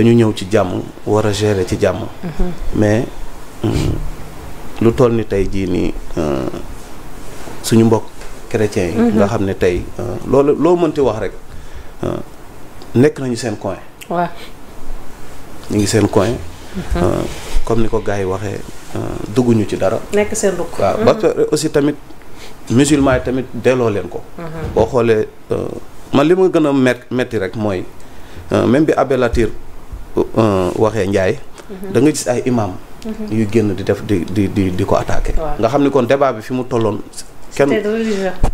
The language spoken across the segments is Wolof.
dañu ñëw ci jàmm war a gérer ci jàmm. mais hmm, lu toll ni tey jii nii euh, suñu mbokk chrétiens yi. nga xam ne tey euh, loolu loo mënti wax rek euh, nekk nañu seen coin. waaw ñu ngi seen coin. Mm-hmm. comme ni ko gars waxee dugguñu ci dara. nekk seen dugg waaw mm-hmm. parce aussi tamit musulman yi tamit delloo leen ko. Mm-hmm. boo xoolee man li ma gën a metti rek mooy même bi Abbé Euh, euh, waxee Ndiaye. Mhm. da nga gis ay imam mhm. yu génn di def di di di ko attaqué. nga xam ni kon débat bi fi mu tolloon. kenn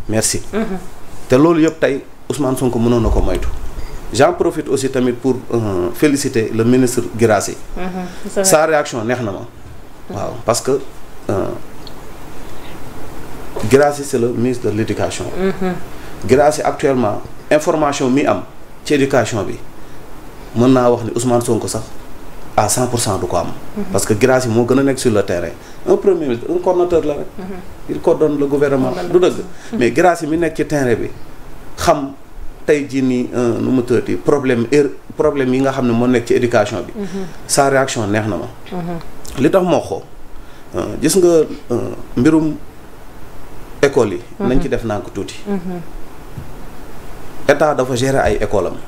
merci. Mhm. te loolu yëpp tey Ousmane Sonko mënoon na ko moytu. j'en profite aussi tamit pour euh, féliciter le ministre Guirassy. Mmh, sa réaction neex na ma. waaw parce que euh, Guirassy c'est le ministre de l'éducation. Mmh. actuellement information mi am ci éducation bi. mën naa wax ni Ousmane Sonko sax à 100 pour cent du ko am. Mhm. parce que grâce yi moo gën a nekk sur le terrain un premier ministre un coordonnateur la rek. Mhm. il coordonne le gouvernement du dëgg. Mhm. mais grâce yi mi nekk ci terrain bi xam tey jii nii euh, nu mu tëddee problème er, problème yi nga xam ne moo nekk ci éducation bi. sa réaction neex na ma. li tax moo xoo euh, gis nga euh, mbirum école yi. nañ ci def naa ko tuuti. état dafa gérer ay école am.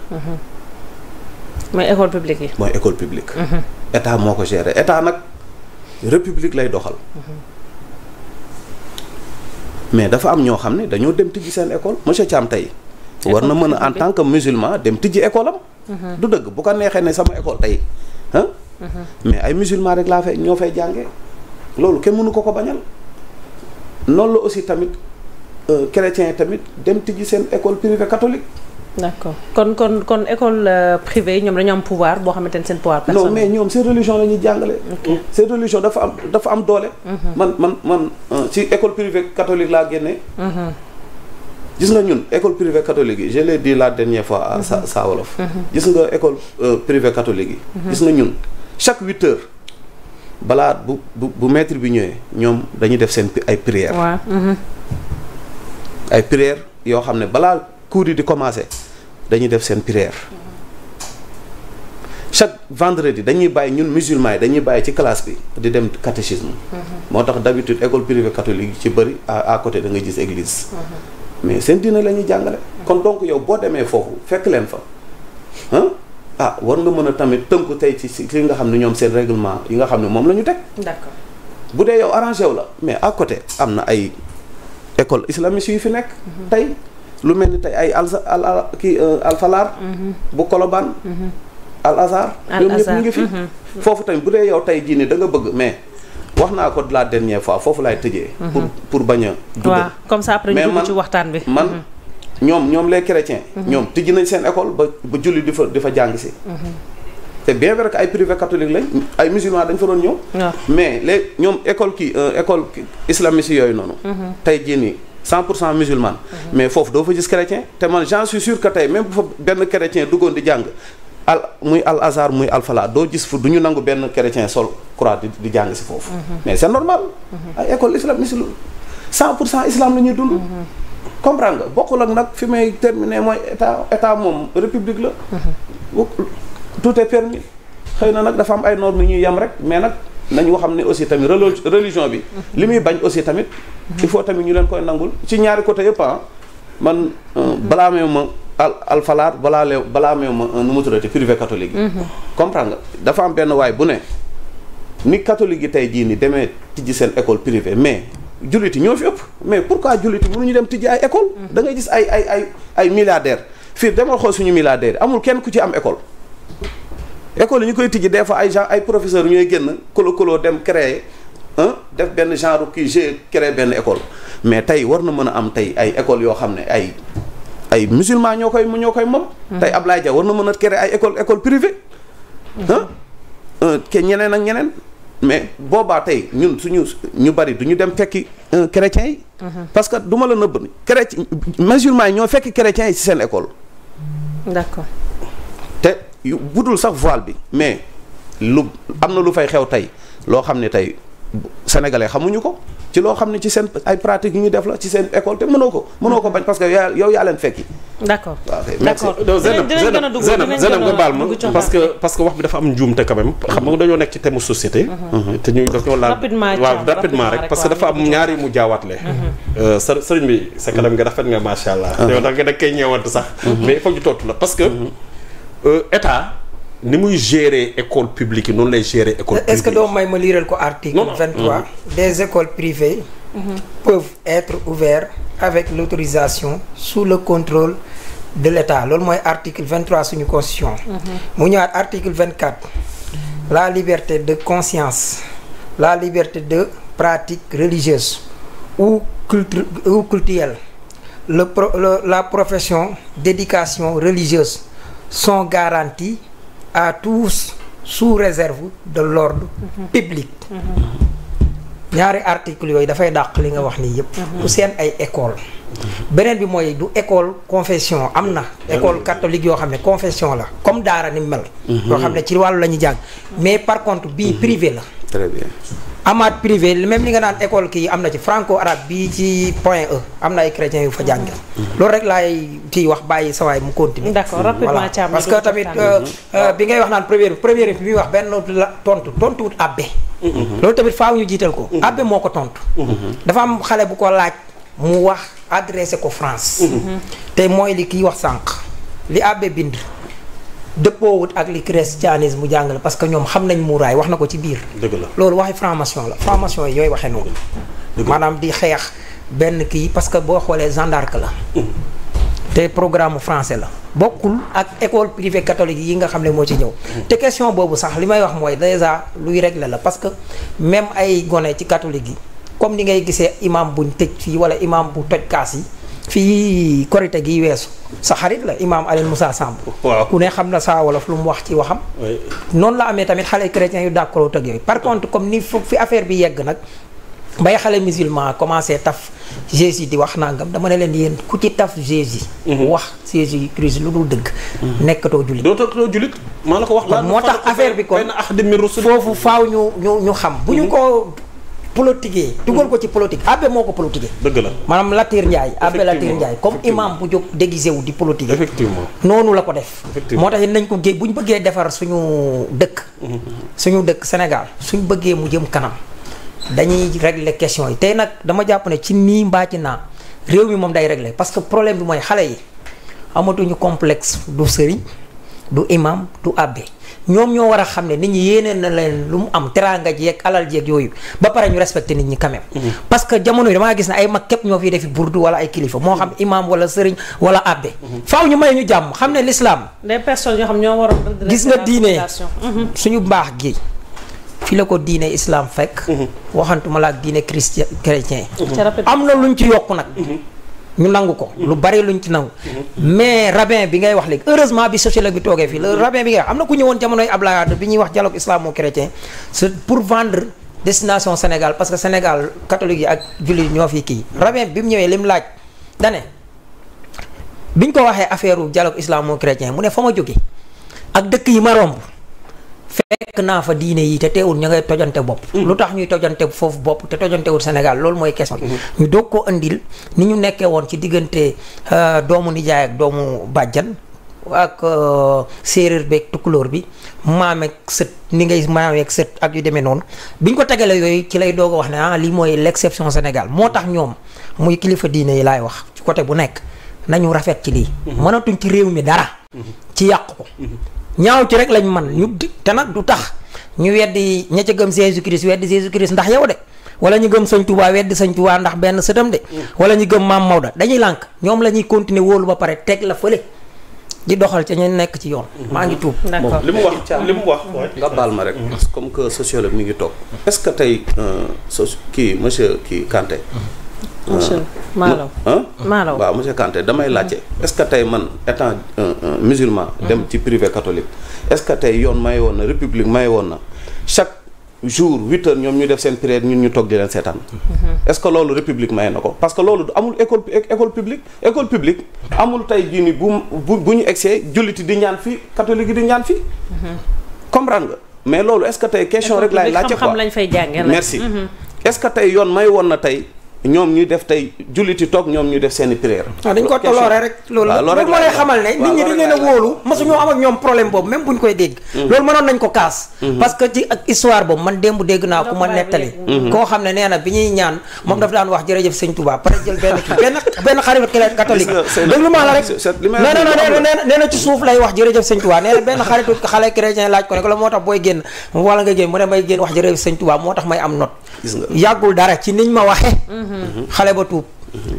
mais école publique yi. mooy école publique. Mhm. état moo ko gérer état nag république lay doxal. Mhm. mais dafa am ñoo xam ne dañoo dem tijji seen école monsieur Thiam tey. war na mën en tant que musulman dem tijji école am. Mhm. du dëgg bu neexee ne sama école tey ah. mais ay musulman rek laa fay ñoo fay jàngee loolu kenn mënu ko ko bañal. noonu la aussi tamit euh, chrétien tamit dem tijji seen école privée catholique. d'accord kon kon kon école euh, privée ñoom dañu am pouvoir boo xamante ne seen pouvoir personnel. non mais ñoom seen religion la ñuy jàngale. seen religion dafa am dafa am doole. Mhm. man man man ci euh, école privée catholique laa génnee. Mhm. gis nga ñun école privée catholique yi la dernière fois à sa mhm. gis nga école euh, privée catholique yi. gis nga ñun chaque huit heures. balaa bu bu bu maître bi ñëwee ñoom dañuy def seen ay prières. ay prières yoo xam ne balaa cours yi di commencer. dañuy def seen prière chaque vendredi dañuy bàyyi ñun musulman yi dañuy bàyyi ci classe bi di dem catéchisme mhm. moo tax d'habitude école privée catholique ci bëri a côté da nga gis église mhm. mais seen dina la ñuy jàngale mhm. kon donc yow boo demee foofu fekk leen fa ah ah war nga mën a tamit tënku tey ci ci nga xam ne ñoom seen règlement yi nga xam ne moom la ñu teg d'accord bu dee yow arrangé wu la mais a côté am na ay école islamiste yu fi nekk tey lu mel ni tey ay alsa al kii euh, alfalaar mhm. bu kolobaan mhm. al azar ñoom ñëpp ñu mhm. foofu tamit bu dee yow tey jii nii da bëgg mais wax naa ko de la dernière fois foofu laay tëjee pour pour bañ a dugal comme ça après ñu dugg ci waxtaan bi man ñoom ñoom les chrétiens ñoom tijji nañ seen école ba ba julli di fa di fa jàng si te bien vrai que ay privé catholique lañ ay musulman dañ fa doon ñëw mais les ñoom école kii euh, école islamiste yooyu noonu tey jii nii cent pour cent musulmane mhm. mais foofu doo fa gis chrétien te man j'en suis sûr que tey même bu fa benn chrétien duggoon di jàng al muy al azar muy al falaa doo gis fu du ñu nangu benn chrétien sol croix di jàng si foofu mhm. mais c'est normal mhm. ay école islamiste lu cent pour cent islam la ñuy dund comprendre nga bokk ak nag fi may terminer mooy état état moom république la tout est permis xëy na nag dafa am ay normes yu ñuy yem rek mais nag nañu xam ne aussi tamit religion bi mhm. li muy bañ aussi tamit ci mhm. foo tamit ñu leen koy nangul ci ñaari côté yëpp ah man euh, balaa meew ma al alfalaat balaa leew balaa meew ma euh, nu mu tuddati privé catholique yi mhm. comprendre nga dafa am benn waay bu ne ni catholique yi tey jii ni demee tijji seen école privée mais julliti ñoo fi ëpp mais pourquoi julliti ñu dem tijji ay école da ngay gis ay ay ay ay milliardaire fii demal xool suñu milliardaire amul kenn ku ci am école école yi ñu koy tijji des fois ay gens ay professeurs ñooy génn kolo kolo dem créer def benn genre kii j'ai créé benn école mais tey war na mën a am tey ay école yoo xam ne ay ay musulman ñoo koy ñoo koy moom hmm. tey Ablaye Dia war na mën a créer ay école école privée hmm. euh, ke ñeneen ak ñeneen mais boobaa tey ñun suñu ñu bari du ñu dem fekki euh, chrétiens yi hmm. parce que du ma la nëbb ni chrétien musulman yi ñoo fekki chrétiens yi seen école d'accord yu budul sax voile bi mais lu am na lu fay xew tey loo xam ne tey sénégalais xamuñu ko ci loo xam ne ci seen ay pratiques yu ñu def la ci seen école te mënoo ko mënoo ko bañ parce que yow yaa leen fekki. d'accord d'accord Zeynab Zeynab nga parce que parce que wax bi dafa am njuumte quand même xam nga dañoo nekk ci thème société. Mm-hmm. te ñu daf ñoo laal waaw rapidement rek parce que dafa am ñaari mu jaawaatle. Mm-hmm. Euh, së sëriñ bi sa kanam nga rafet nga macha allah. Mm-hmm. yow da nga da koy ñeewante sax. mais il faut la parce que. Euh, état ni muy gérer école publique noonu lay gérer école privée. ce que doo may ma liiral ko article 23 mm-hmm. des écoles privées mm-hmm. peuvent être ouvertes avec l'autorisation sous le contrôle de l'État loolu mooy article 23 suñu constitution mm-hmm. mu ñëwaat article 24 la liberté de conscience la liberté de pratique religieuse ou cultu le, pro, le la profession d'éducation religieuse son garanties à tous sous réserve de l'ordre public ñaari articles yooyu dafay dàq li nga wax nii yëpp ku mhm. seen ay école beneen bi mooy du école confession am na ecole mhm. catholique yoo xam ne confession la comme daara ni mel mhm. yoo xam ne ci wàllu la ñuy jàng mais par contre bii privé la très amaat privé même li nga naan école kii am na ci franco arabe bii ci point E am na ay chrétiens yu fa jànge loolu rek laay kii wax bàyyi sawaay mu continue d'accord rapidement Thiam parce que tamit euh, euh, bi ngay wax naan première première bi muy wax benn la tontu tontuwut abbé loolu tamit faaw ñu jiital ko abbé moo ko tontu dafa am xale bu ko laaj mu wax adressé ko France mhm. te mooy li kiy wax sànq li abbé bind dëppoowut ak li christianisme mu jàngale parce que ñoom xam nañ muuraay wax na ko ci biir. dëgg la loolu waxi franc-maçon la franc-maçon yi ñooy waxee noonu. maanaam di xeex benn kii parce que boo xoolee Jeanne d'Arc la. Mm. te programme français la. bokkul ak école privée catholique yi nga xam ne moo ci ñëw. Mm. te question boobu sax li may wax mooy déjà luy régler la parce que même ay gone ci catholique yi comme ni ngay gisee imam buñ tëj fii wala imam bu toj kaas yi. fii korite gi weesu sa xarit la imaam Alioune Moussa Samb waaw ku ne xam na saa wolof lu mu wax ci waxam noonu la amee tamit xale chrétiens yu d'accord ak yooyu par contre comme ni foog fi affaire bi yegg nag bay xale musulman commencé taf Jésus di wax nangam dama ne leen yéen ku ci taf Jésus mhm. wax Jésus Christ lu dul dëgg mhm. nekkatoo jullit dootoo jullit maa la ko wax moo tax affaire bi kon foofu faaw ñu ñu ñu xam bu ñu mhm. ko politiqué hmm. dugal ko ci politique abbé moo ko politiqué bëgg la maanaam Latir Ndiaye abbé Latir Ndiaye comme imaam bu jóg déguisé wu di politiqué effectivement noonu la ko def moo tax nañ ko géej bu ñu bëggee defar suñu dëkk hmm. suñu dëkk Sénégal suñ bëggee mu jëm kanam dañuy régler question yi tey nag dama jàpp ne ci nii mbaa ci naa réew mi moom day régler parce que problème bi mooy xale yi amatuñu complexe du sëriñ du imam du abbé ñoom ñoo war a xam ne nit ñi yéeneen na leen lu mu am teraanga jeeg alal jeeg yooyu ba pare ñu respecte nit ñi quand même mm-hmm. parce que jamono yi damaa gis ne ay mag képp ñoo fiy defi burdu wala ay kilifa moo xam mm-hmm. imam wala sëriñ wala abbe mm-hmm. faaw ñu ñu jàmm xam ne lislaam des personnes yoo xam ñoo war a gis nga diine suñu mbaax gi fi la ko diine islaam fekk waxantuma laa ak diine christian chrétien am na luñ ci yokk nag ñu nangu ko lu bari luñ ci nangu mais rabin bi ngay wax léegi heureusement bi sociologue bi toogee fii le rabbin bi ngay wax am na ku ñëwoon jamonoy Ablaye Wade bi ñuy wax dialogue islamo-chrétien c'est pour vendre destination Sénégal parce que Sénégal catholique yi ak jullit ñoo fi kii rabbin bi mu ñëwee li mu laaj dane biñ ko waxee affaire dialogue islamo-chrétien mu ne fa ma jóge ak dëkk yi ma romb fekk naa fa diine yi te teewul ñu ngay tojante bopp mm. lu tax ñuy tojante foofu bopp te tojantewul Sénégal loolu mooy question bi mm-hmm. ñu doog ko indil ni ñu nekkee woon ci diggante euh, doomu nijaay ak doomu bàjjan ak euh, séeréer beeg tukulóor bi maameeg sët ni ngay maameeg sët ak yu demee noonu biñ ko tegalee yooyu ci lay doog a wax ne ah lii mooy l'exception Sénégal moo tax ñoom muy kilifa diine yi laay wax ci côté bu nekk nañu rafet ci lii mm-hmm. mënatuñ ci réew mi dara mm-hmm. yàq ñaaw ci rek lañ man ñu te nag du tax ñu weddi ña ca gëm Jésus Christ weddi Jésus Christ ndax yow de wala ñu gëm sëñ Touba weddi sañ Touba ndax benn sëtam de mm. wala ñu gëm maam Maodo dañuy lànk ñoom la ñuy continuer wóolu ba pare teg la fële di doxal ci ñu nekk ci yoon mm-hmm. maa ngi tuub d'accord li mu wax li mu wax mm-hmm. nga baal ma rek mm-hmm. parce comme que sociologue mi ngi toog est-ce que tey euh, so kii monsieur kii kante monsieur Malaw ah Malaw waaw monsieur Kanté damay laajte est tey man étant musulman dem ci privé catholique est tey yoon may woon na république may woon na chaque jour huit ñoom ñu def seen prière ñun ñu toog di leen seetaan mhm. est-ce que loolu république may na ko parce que loolu amul école publique école publique amul tey jii ni bu bu ñu egsee julliti di ñaan fii catholique yi di ñaan fii mhm. comprendre nga mais loolu est tey question rek laay laajte quoi merci mhm. est tey yoon may woon na tey ñoom ñu def tey julliti toog ñoom ñu def seen i prière. dañ ko tolloore rek. loolu loolu moo lay xamal ne nit ñi dañ leen a wóolu. masu ñoo am ak ñoom problème boobu même buñ koy dégg. Mm-hmm. loolu ko kaas. Mm-hmm. parce que ci ak histoire boobu man démb dégg ma nettali. Mm-hmm. koo xam ne nee na bi ñuy ñaan moom daf daan wax ci suuf lay wax jërëjëf sëñ Touba nee na benn xaritu xale chrétien laaj ko ne ko la moo tax booy génn wala nga génn mu ne may génn wax jërëjëf sëñ Touba moo tax may am not gis nga yàggul dara ci niñ ma waxe mhm. xale ba tuub. Mhm.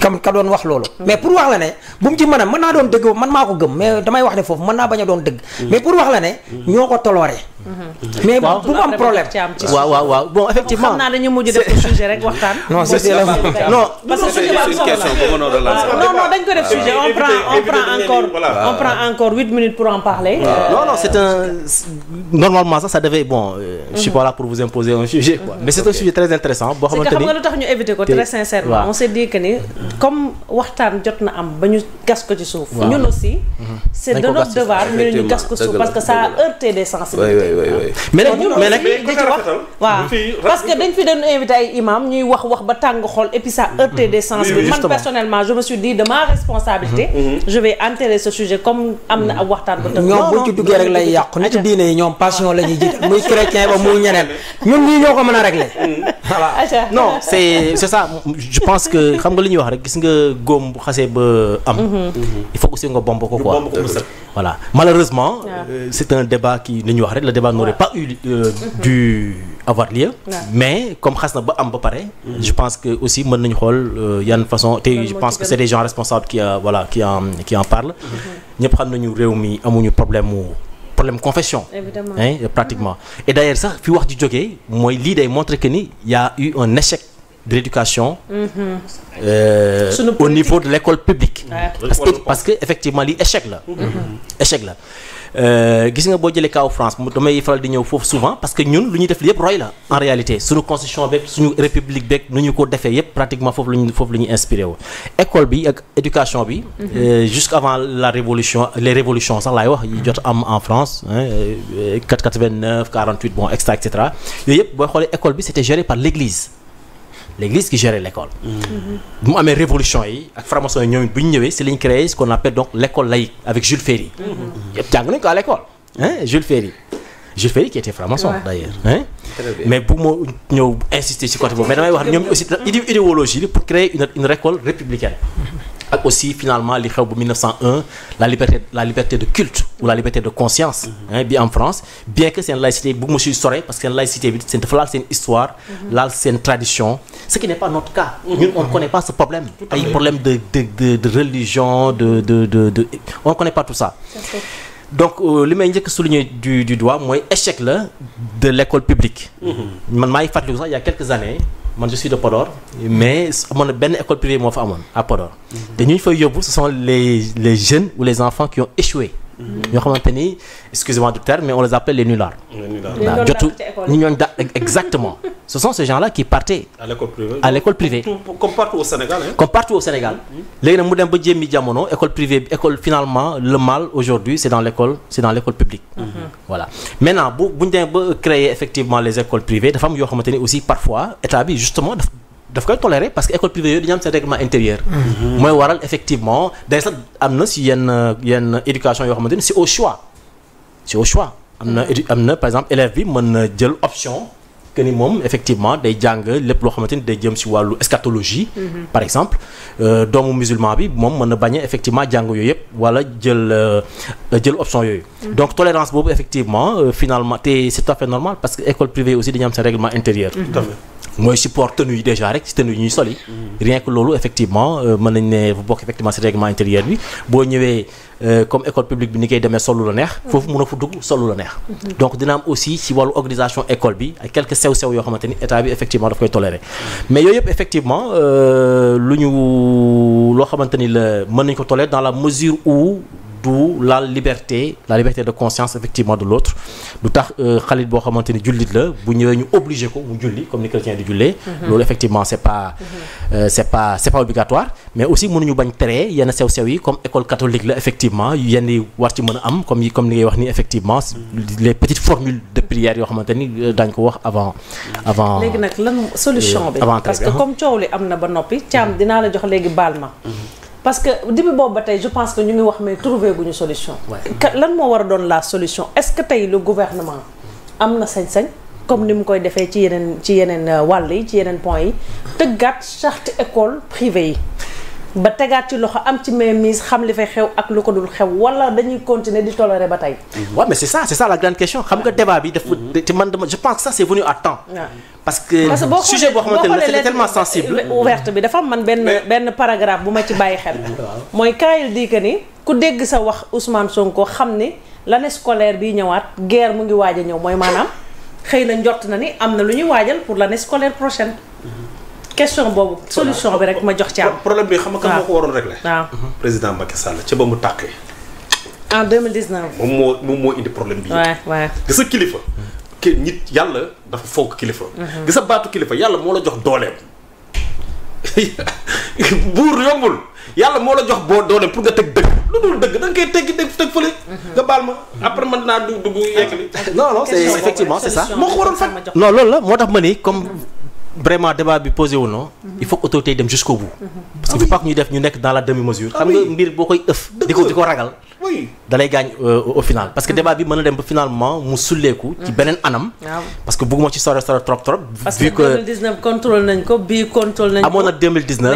kam ka doon wax loolu. Mhm. mais pour wax la ne bu mu ci mën a mën naa doon dëgg man maa ko gëm mais damay wax ne foofu mën naa bañ a doon dëgg. mais pour wax la ne ñoo ko tolooree. Mhm. mais bu mu am problème waaw waaw waaw bon effectivement xam naa dañu mujj def ko sujet rek waxtaan. non c'est la non. que sujet am solo la non non dañ ko def sujet on prend encore on prend encore huit minutes pour en parler. Euh, non non c'est un normalement ça ça devait bon. Euh, je suis mhm. pas là pour vous imposer un sujet mhm. mais c'est un sujet très intéressant boo xamante xam nga lu tax ñu éviter ko très sincèrement. on s'est dit que ni comme waxtaan jot na am ba ñu gas ko ci suuf. ñun aussi. c'est de notre devoir ñu ne ñu gas ko suuf parce que ça a heurté des Ah. oui mais nag mais nag di ci wax waaw parce que dañ fi doon invité ay imam ñuy wax wax ba tàng xol et puis ça mm-hmm. heurté des sens bi man personnellement je me suis dit de ma responsabilité mm-hmm. Mm-hmm. je vais enterrer ce sujet comme am na ab waxtaan ba tënk ñoom buñ ci duggee rek lay yàqu nit diine yi ñoom passion la ñuy jiital muy chrétien ba muy ñeneen ñun ñii ñoo ko mën a régler voilà non c'est c'est ça je pense que xam nga li ñuy wax rek gis nga góom bu xasee ba am il faut aussi nga bomb ko quoi voilà malheureusement. Euh, c'est un débat qui li ñu wax rek le débat n'aurait pas eu euh, mhm. dû avoir lieu. mais comme xas na ba am ba pare. Mhm. je pense que aussi mën nañu xool euh, yan façon te je pense que c'est des gens responsables qui voilà qui en qui en mhm. ñëpp xam nañu réew mi amuñu problème mu. problème confession hein pratiquement et d'ailleurs sax fi wax di jógee mooy li day montrer que ni y a eu un échec de l'éducation mm-hmm. euh, au niveau de l'école publique parce que parce que effectivement lii échec la mm-hmm. Mm-hmm. échec la euh, gis nga boo jëlee kaw France damay faral di ñëw foofu souvent parce que ñun lu ñu def li yëpp roy la en réalité suñu constitution beeg suñu république nu ñu ko defee yëpp pratiquement foofu la ñu foofu la ñuy inspiré wu école bi ak éducation bi euh, jusqu'avant la révolution les révolutions sax laay wax yi jot am en France 489 48 euh, bon et cetera et cetera yooyu yëpp xoolee école bi c'était géré par l'église l'église qui gérait l'école bu mu amee révolution yi ak franc-maçon yi ñoom bu ñu ñëwee si lañ créé ce qu'on appelle donc l'école laïque avec Jules Ferry yëpp jàng nañ ko à l'école hein Jules Ferry Jules Ferry qui était franc d'ailleurs hein mais bu ma ñëw insister si côté boobu mais damay wax ñoom aussi idéologie pour créer une une école républicaine ak aussi finalement li xew bu 1901 la liberté la liberté de culte ou la liberté de conscience mhm. en France bien que seen laïcité bu ma siy sore parce que seen laïcité bi dafa laal seen histoire mhm. laal seen tradition ce qui n'est pas notre cas mhm. ñun on connaît pas ce problème de de de religion de de de de on connaît pas tout ça donc euh, li may njëkk souligner du du doigt mooy échec la de l'école publique man maa ngi fàttaliku sax il y quelques années man je suis de Podor mais amoon na benn école privée moo fa amoon à Podor. te mhm. ñu fay yóbbu ce sont les les jeunes ou les enfants qui ont échoué. Mm-hmm. ñoo a ni excusez-moi du terme mais on les appelle les nullards. les nullards waaw jotu ñi exactement. ce sont ces gens qui partaient. à l'école privée comme partout au Sénégal comme partout au Sénégal. Mm-hmm. léegi nag mu dem école privée école finalement le mal aujourd'hui c'est dans l'école publique. Mm-hmm. voilà maintenant bu créer effectivement les écoles privées dafa am yoo xamante aussi parfois état justement daf koy tolérer parce que école privée yooyu dañu am seen règlement intérieur. Mhm. mooy waral effectivement day sax am na si yenn yenn éducation yoo xamante ni c'est au choix c'est au choix am na am na par exemple élève bi mën na jël option. que ni moom effectivement day jàng lépp loo xamante ni day jëm si wàllu eschatologie. Mhm. par exemple euh, doomu musulman bi moom mën na bañ a effectivement jàng yooyu yëpp wala jël euh, option yooyu. Mhm. donc tolérance boobu effectivement euh, finalement te c'est normal parce que école privée aussi dañu am seen règlement intérieur. Mhm. mooy support tenue yi déjà rek si tenue yi ñuy soli. rien que loolu effectivement mën nañ ne bokk effectivement si règlement intérieur bi boo Euh, comme école publique bi ni koy demee solu la neex foofu mën a fa dugg solu la neex mhm. donc dina am aussi ci wàllu organisation école bi ay quelques sew-sew yoo xamante ni état bi effectivement daf koy tolérer mais yooyu yëpp effectivement euh, lu ñu loo xamante ni la mën nañu ko tolérer dans la mesure ou du liberté la liberté de conscience effectivement de l'autre du tax euh, xalit boo xamante ni jullit la bu ñëwee ñu obligé ko mu julli comme ni chrétien di jullee mhm. loolu effectivement mhm. euh, c'est pas c'est pas obligatoire mais aussi mënuñu bañ tere yenn sew-sew yi comme école catholique la effectivement yenn yi war ci mën a am comme comme ngay wax ni effectivement les petites formules de prière yoo xamante ni euh, ko wax avant avant léegi nag lan solution bi parce parce que début boobu ba tey je pense que ñu ngi wax mais trouver ñu solution. lan moo war a doon la solution est-ce que tey le gouvernement am na sañ-sañ. comme ni mu koy defee ci yeneen ci yeneen euh, wàll yi ci yeneen point yi tëggaat charte école privée yi ba tegaat ci loxo am ci mainmise xam li fay xew ak lu ko dul xew wala dañuy continuer di tolérer ba tey. waaw mais c'est ça c'est ça la grande question xam nga débat bi. dafa ci mhm. man dama je pense que ça c'est parce que sujet boo xamante ne c'est tellement sensible. ouverte bi dafa man benn benn paragraphe bu ma ci bàyyi xel. mooy quand il dit que ni ku dégg sa wax Ousmane Sonko xam ni l'année scolaire bi ñëwaat guerre mu ngi waaj a ñëw mooy maanaam xëy na njort na ni am na lu ñuy waajal pour l'année scolaire prochaine. question boobu solution bi rek ma jox ci am. problème bi xam nga kan moo ko waroon régler. waaw mhm. président Macky Sall ca ba mu tàqee. en 2019. moom moo moom indi problème waay waay ki nit yàlla dafa fonk kilifa. Mhm. gis baatu kilifa yàlla moo la jox dooleem. buur yombul yàlla moo la jox boo dooleem pour nga teg dëgg lu dul dëgg da teggi dëgg teg fële. Mhm. nga baal ma après mën naa dugg dugg ah, yeggli. non non c'est effectivement c'est ça moo ko waroon faj. non loolu la moo tax ma ni comme. Mhm. vraiment débat bi posé wu non il faut dem jusqu'au bout. parce que il faut ñu def ñu nekk dans la demi mesure. Ah xam nga mbir boo koy ëff. di ko di ko ragal. oui dalay gaañ euh, au final. parce que mm. débat bi mën na dem ba finalement mu sulleeku. ci mm. beneen anam. parce que bëgguma ci sore sore trop trop. vu que 2019 contrôle nañ ko bii contrôle nañ ko. amoon na 2019 na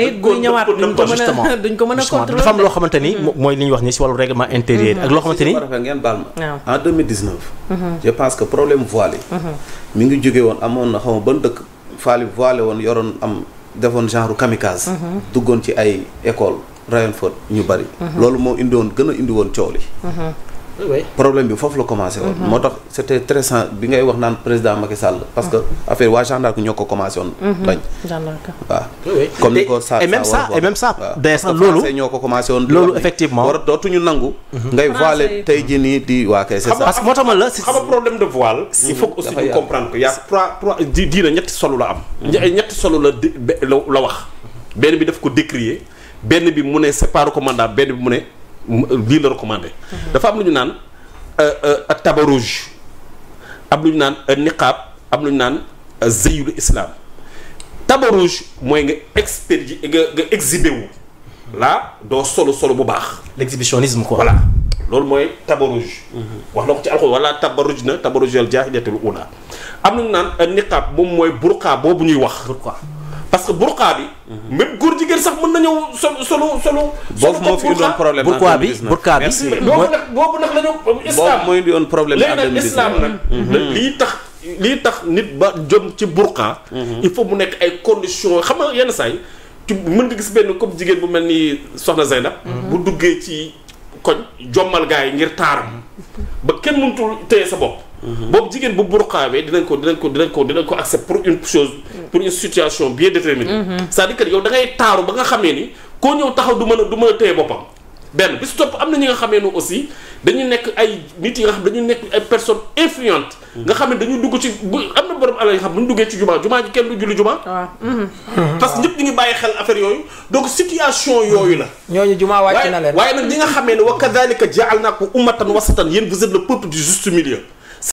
it buy ñëwaat duñ ko mën a duñ ko mën a contrôler dafa am loo xamante ni mm. mooy li ñuy wax ni si wàllu règlement intérieur. ak loo xamante ni mm-hmm. mm-hmm. am defoon genre kamikaze. Mm-hmm. duggoon ci ay école rayon faute ñu bari. Mhm. loolu moo indi gën a indi woon mhm. problème bi foofu la commencé woon. Mhm. moo tax c' était très sans bi ngay wax naan président Macky Sall. parce que affaire waa gendarme ñoo ko commencé woon. bañ waaw. comme ni ko saa et même ça et même moo tax ma problème de voile. il faut aussi ñu comprendre que y' a trois diina ñetti solo la am. ñetti solo la di la wax. benn bi daf ko décrier. benn bi mu ne c'est pas recommandable benn bi mu ne lii la recommandé. Mhm. dafa am lu ñu naan euh, euh, tabarouge am lu ñu naan euh, niqaab am lu ñu naan zeyul islam tabarouge mooy nga extergi nga nga exhibé wu. là doo solo solo bu baax. l'exhibitionnisme quoi voilà. loolu mooy tabaruj mhm. wax na ko ci alxuraan walla tabaruj na tabarujal jaahilatul ula am nañu naan niqaab moom mooy burqa boobu ñuy wax. parce que burqa bi. Mhm. même góor jigéen sax mën ñëw solo solo solo. boobu moo fi doon problème burqa bi burqa la nag mhm. lii tax lii tax nit ba jom ci burqa. Mhm. il faut mu nekk ay conditions xam nga yenn saa yi ci mën nga gis benn comme jigéen bu mel ni Soxna Zeynab. bu duggee ci koñ jommal gars yi ngir taaram ba kenn mënutul téye sa bopp. boobu jigéen bu burqaawee dinañ ko dinañ ko dinañ ko dinañ ko accepte pour une chose pour une situation bien déterminée mhm. c'est-à-dire que ngay taaru ba nga xamee ni koo ñëw taxaw du mën a du mën a téye boppam benn bi su topp am na ñi nga xamee ne aussi dañu nekk ay nit yi nga xam dañu nekk ay personnes influentes mhm. nga xam ne dañu dugg ci bu am na borom alal yi xam bu duggee ci jumaa jumaa ji kenn du julli jumaa mhm. parce que ñu bàyyi xel affaire yooyu donc situation yooyu la ñooñu jumaa wàcc na leen waaye nag ñi nga xamee ne wa kadhalika ja'alnakum ummatan wasatan yéen vous êtes le